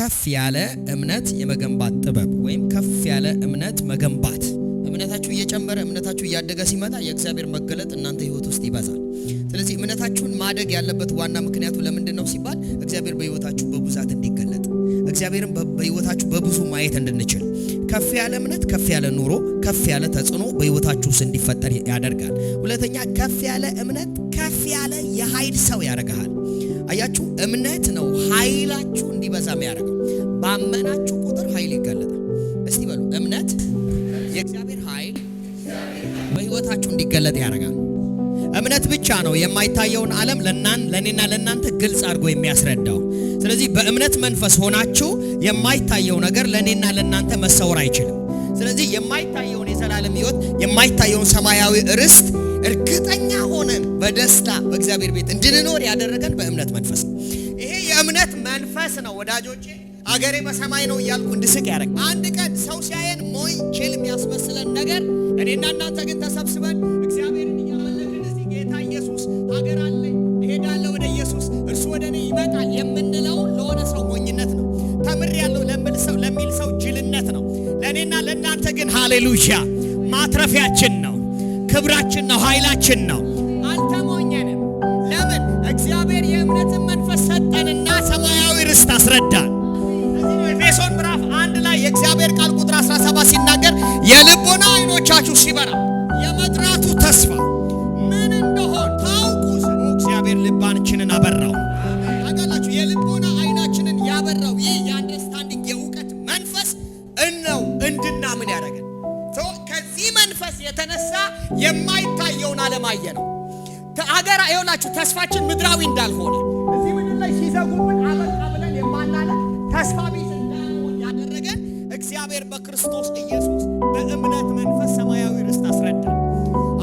ከፍ ያለ እምነት የመገንባት ጥበብ ወይም ከፍ ያለ እምነት መገንባት እምነታችሁ እየጨመረ እምነታችሁ እያደገ ሲመጣ የእግዚአብሔር መገለጥ እናንተ ህይወት ውስጥ ይበዛል። ስለዚህ እምነታችሁን ማደግ ያለበት ዋና ምክንያቱ ለምንድን ነው ሲባል እግዚአብሔር በህይወታችሁ በብዛት እንዲገለጥ እግዚአብሔርን በህይወታችሁ በብዙ ማየት እንድንችል ከፍ ያለ እምነት ከፍ ያለ ኑሮ ከፍ ያለ ተጽዕኖ በህይወታችሁ ውስጥ እንዲፈጠር ያደርጋል። ሁለተኛ ከፍ ያለ እምነት ከፍ ያለ የኃይል ሰው ያደርግሃል። አያችሁ፣ እምነት ነው ኃይላችሁ እንዲበዛ የሚያደርገው። ባመናችሁ ቁጥር ኃይል ይገለጣል። እስቲ በሉ እምነት የእግዚአብሔር ኃይል በህይወታችሁ እንዲገለጥ ያደርጋል። እምነት ብቻ ነው የማይታየውን ዓለም ለእኔና ለኔና ለናንተ ግልጽ አድርጎ የሚያስረዳው። ስለዚህ በእምነት መንፈስ ሆናችሁ የማይታየው ነገር ለኔና ለናንተ መሰወር አይችልም። ስለዚህ የማይታየውን የዘላለም ህይወት የማይታየውን ሰማያዊ ርስት እርግጠኛ ሆነን በደስታ በእግዚአብሔር ቤት እንድንኖር ያደረገን በእምነት መንፈስ ነው። ይሄ የእምነት መንፈስ ነው ወዳጆቼ። አገሬ በሰማይ ነው እያልኩ እንድስቅ ያደረግ አንድ ቀን ሰው ሲያየን ሞኝ ችል የሚያስመስለን ነገር እኔና እናንተ ግን ተሰብስበን እግዚአብሔርን እያመለክን እዚህ ጌታ ኢየሱስ ሀገር አለኝ እሄዳለሁ ወደ ኢየሱስ እርሱ ወደ እኔ ይመጣል የምንለውን ለሆነ ሰው ሞኝነት ነው። ተምር ያለው ለሚል ሰው ጅልነት ነው። ለእኔና ለእናንተ ግን ሃሌሉያ ማትረፊያችን ክብራችን ነው፣ ኃይላችን ነው። አልተሞኘንም። ለምን እግዚአብሔር የእምነትን መንፈስ ሰጠንና ሰማያዊ ርስት አስረዳን። ኤፌሶን ምዕራፍ አንድ ላይ የእግዚአብሔር ቃል ቁጥር 17 ሲናገር የልቦና አይኖቻችሁ ሲበራ የማይታየውን ዓለም አየ ነው። አገር ይሆናችሁ ተስፋችን ምድራዊ እንዳልሆነ እዚህ ምድር ላይ ሲዘጉብን አበቃ ብለን የማናለ ተስፋ ቤት እንዳልሆን ያደረገ እግዚአብሔር በክርስቶስ ኢየሱስ በእምነት መንፈስ ሰማያዊ ርስት አስረዳ።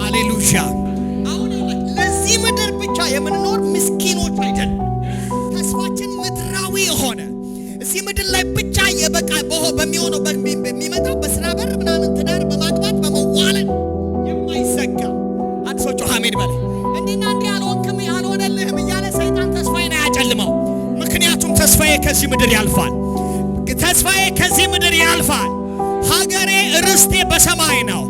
አሌሉያ። አሁን ለዚህ ምድር ብቻ የምንኖር ምስኪኖች አይደል። ተስፋችን ምድራዊ የሆነ እዚህ ምድር ላይ ብቻ የበቃ በሆ በሚሆነው በሚመጣው በስራ በር ምናምን ትዳር በማግባት በመዋለን ከዚህ ምድር ያልፋል። ተስፋዬ ከዚህ ምድር ያልፋል። ሀገሬ ርስቴ በሰማይ ነው።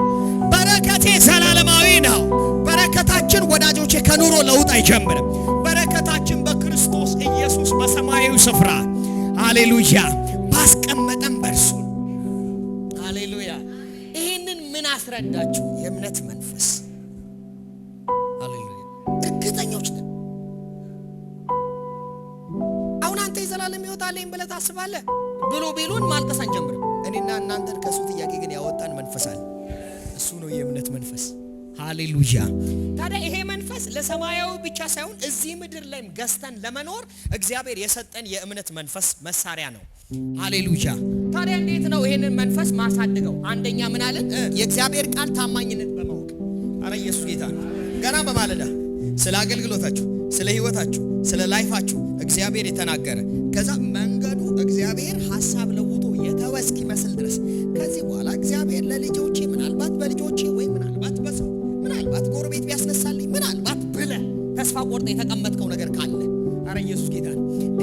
በረከቴ ዘላለማዊ ነው። በረከታችን ወዳጆቼ ከኑሮ ለውጥ አይጀምርም። በረከታችን በክርስቶስ ኢየሱስ በሰማያዊው ስፍራ አሌሉያ፣ ባስቀመጠን በእርሱ አሌሉያ። ይህንን ምን አስረዳችሁ? ዘላለም ሕይወት አለኝ ብለህ ታስባለህ ብሎ ቢሉን ማልቀስ አንጀምርም። እኔና እናንተን ከእሱ ጥያቄ ግን ያወጣን መንፈስ አለ። እሱ ነው የእምነት መንፈስ። ሃሌሉያ! ታዲያ ይሄ መንፈስ ለሰማያዊ ብቻ ሳይሆን እዚህ ምድር ላይም ገዝተን ለመኖር እግዚአብሔር የሰጠን የእምነት መንፈስ መሳሪያ ነው። ሃሌሉያ! ታዲያ እንዴት ነው ይሄንን መንፈስ ማሳድገው? አንደኛ ምን አለን? የእግዚአብሔር ቃል ታማኝነት በማወቅ አረ ኢየሱስ ጌታ ነው። ገና በማለዳ ስለ አገልግሎታችሁ፣ ስለ ህይወታችሁ፣ ስለ ላይፋችሁ እግዚአብሔር የተናገረ ከዛ መንገዱ እግዚአብሔር ሀሳብ ለውጦ የተወ እስኪመስል ድረስ ከዚህ በኋላ እግዚአብሔር ለልጆቼ ምናልባት በልጆቼ ወይ ምናልባት በሰው ምናልባት ጎረቤት ቢያስነሳልኝ ምናልባት ብለ ተስፋ ቆርጠ የተቀመጥከው ነገር ካለ አረ ኢየሱስ ጌታ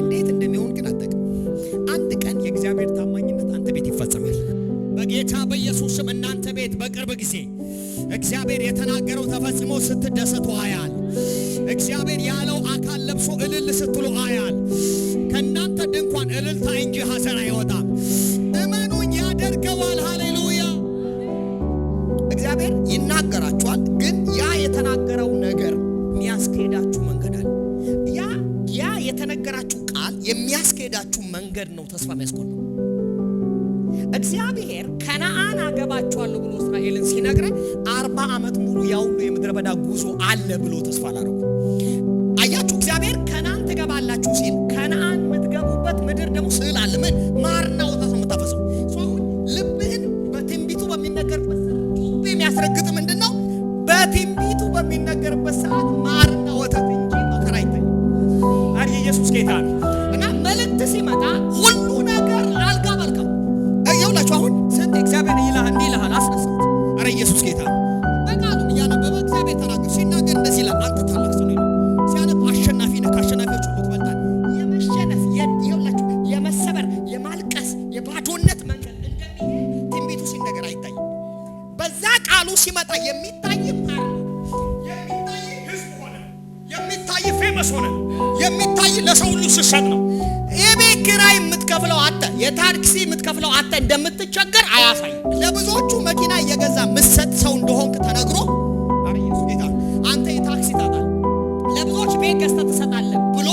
እንዴት እንደሚሆን ግን አጠቅም። አንድ ቀን የእግዚአብሔር ታማኝነት አንተ ቤት ይፈጸማል። በጌታ በኢየሱስ ስም እናንተ ቤት በቅርብ ጊዜ እግዚአብሔር የተናገረው ተፈጽሞ ስትደሰቱ አያል እግዚአብሔር ያለው አካል ለብሶ እልል ስትሉ አያል። ከእናንተ ድንኳን እልልታ እንጂ ሐዘን አይወጣም። እመኑኝ ያደርገዋል። ሃሌሉያ። እግዚአብሔር ይናገራችኋል፣ ግን ያ የተናገረው ነገር የሚያስኬዳችሁ መንገድ አለ። ያ ያ የተነገራችሁ ቃል የሚያስኬዳችሁ መንገድ ነው። ተስፋ የሚያስቆል እግዚአብሔር በዳ ጉዞ አለ ብሎ ተስፋ አላረጉ። አያችሁ እግዚአብሔር ከነአን ትገባላችሁ ሲል ከነአን የምትገቡበት ምድር ደግሞ ስዕል አለ። ምን ማርና ወተት ነው የምታፈሰው። ልብህን በትንቢቱ በሚነገርበት ሰዓት የሚያስረግጥ ምንድን ነው? በትንቢቱ በሚነገርበት ሰዓት ማርና ወተት እንጂ መከራ ይታያል። ኢየሱስ ጌታ ነው። ቃሉ ሲመጣ የሚታይ የሚታይ ህዝብ ፌመስ ሆነ፣ የሚታይ ለሰው ሁሉ ስትሰጥ ነው። የቤት ኪራይ የምትከፍለው አተ፣ የታክሲ የምትከፍለው አተ እንደምትቸገር አያሳይ። ለብዙዎቹ መኪና እየገዛ ምሰጥ ሰው እንደሆንክ ተነግሮ አንተ የታክሲ ታጣል፣ ለብዙዎች ቤት ገዝተህ ትሰጣለህ ብሎ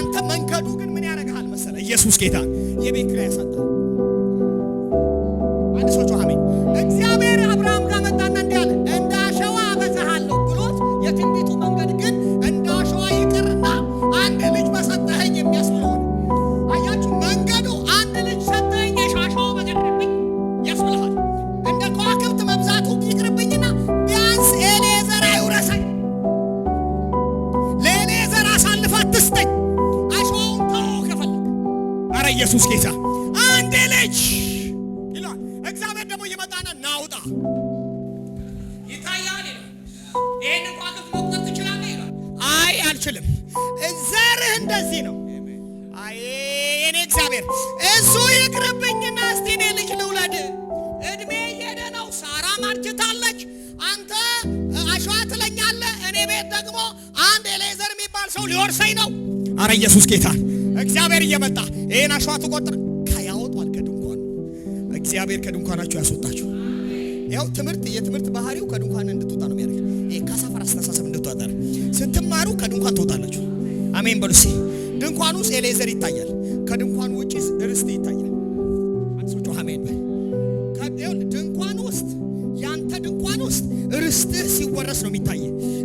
አንተ መንከዱ ግን ምን ያደርግሃል መሰለህ? ኢየሱስ ጌታ የቤት ኪራይ ያሳጣል። ኢየሱስ ጌታ አንዴ ልጅ ይላል። እግዚአብሔር ደግሞ እየመጣና ናውጣ ይታያል ይላል። ይሄን እንኳን መቁጠር ትችላለህ ይላል። አይ አልችልም፣ ዘርህ እንደዚህ ነው። አይ የኔ እግዚአብሔር እሱ ይቅርብኝና እስቲ እኔ ልጅ ልውለድ። እድሜ እየሄደ ነው። ሳራ ማርጅታለች። አንተ አሸዋ ትለኛለህ፣ እኔ ቤት ደግሞ አንድ ኤሌዘር የሚባል ሰው ሊወርሰኝ ነው። አረ ኢየሱስ ጌታ እግዚአብሔር እየመጣ ይሄን አሸዋ ትቆጥር ያወጧል ከድንኳኑ እግዚአብሔር ከድንኳናቸው ያስወጣቸው። ያው ትምህርት የትምህርት ባህሪው ከድንኳን እንድትወጣ ነው የሚያደርግ። ይሄ ከሰፈር አስተሳሰብ እንድትወጣ ስትማሩ ከድንኳን ትወጣላችሁ። አሜን በሉ እስኪ። ድንኳን ውስጥ ኤሌዘር ይታያል። ከድንኳን ውጪ ርስት ይታያል። አንሶቹ አሜን በል። ድንኳን ውስጥ ያንተ ድንኳን ውስጥ ርስትህ ሲወረስ ነው የሚታይ።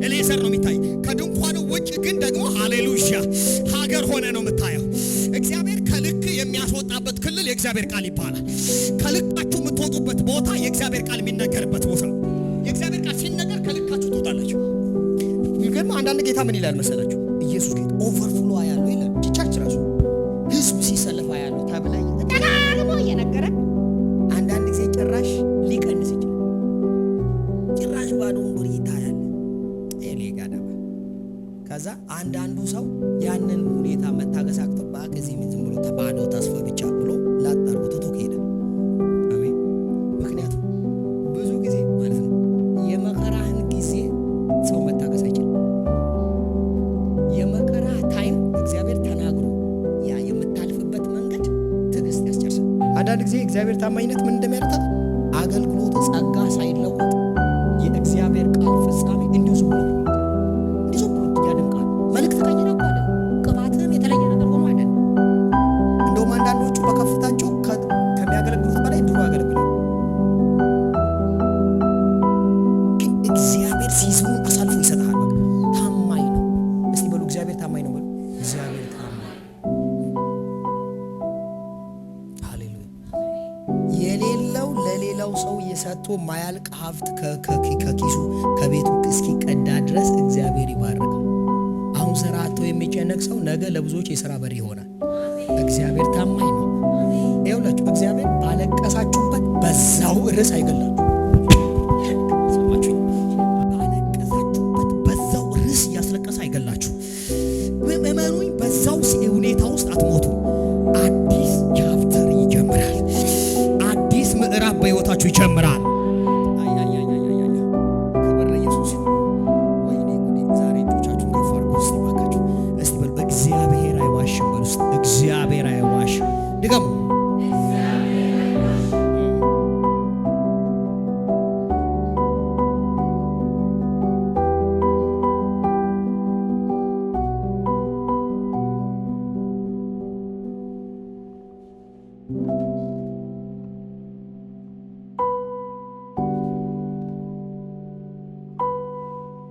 ኤሌዘር ነው የሚታይ። ከድንኳኑ ውጪ ግን ደግሞ ሃሌሉያ ሀገር ሆነ ነው የምታየው። የእግዚአብሔር ቃል ይባላል። ከልካችሁ የምትወጡበት ቦታ የእግዚአብሔር ቃል የሚነገርበት ቦታ የእግዚአብሔር ቃል ሲነገር ከልካችሁ ትወጣላችሁ። ግን አንዳንድ ጌታ ምን ይላል መሰላችሁ? ኢየሱስ ጌታ ኦቨርፍሎ ያለው የእግዚአብሔር ታማኝነት ምን ሌላው ሰው እየሰጡ ማያልቅ ሀብት ከኪሱ ከቤቱ እስኪቀዳ ድረስ እግዚአብሔር ይባርካል። አሁን ስራ አጥቶ የሚጨነቅ ሰው ነገ ለብዙዎች የስራ በር ይሆናል። እግዚአብሔር ታማኝ ነው። ይኸውላችሁ እግዚአብሔር ባለቀሳችሁበት በዛው ርዕስ አይገላችሁ ምዕራፍ በሕይወታችሁ ይጀምራል።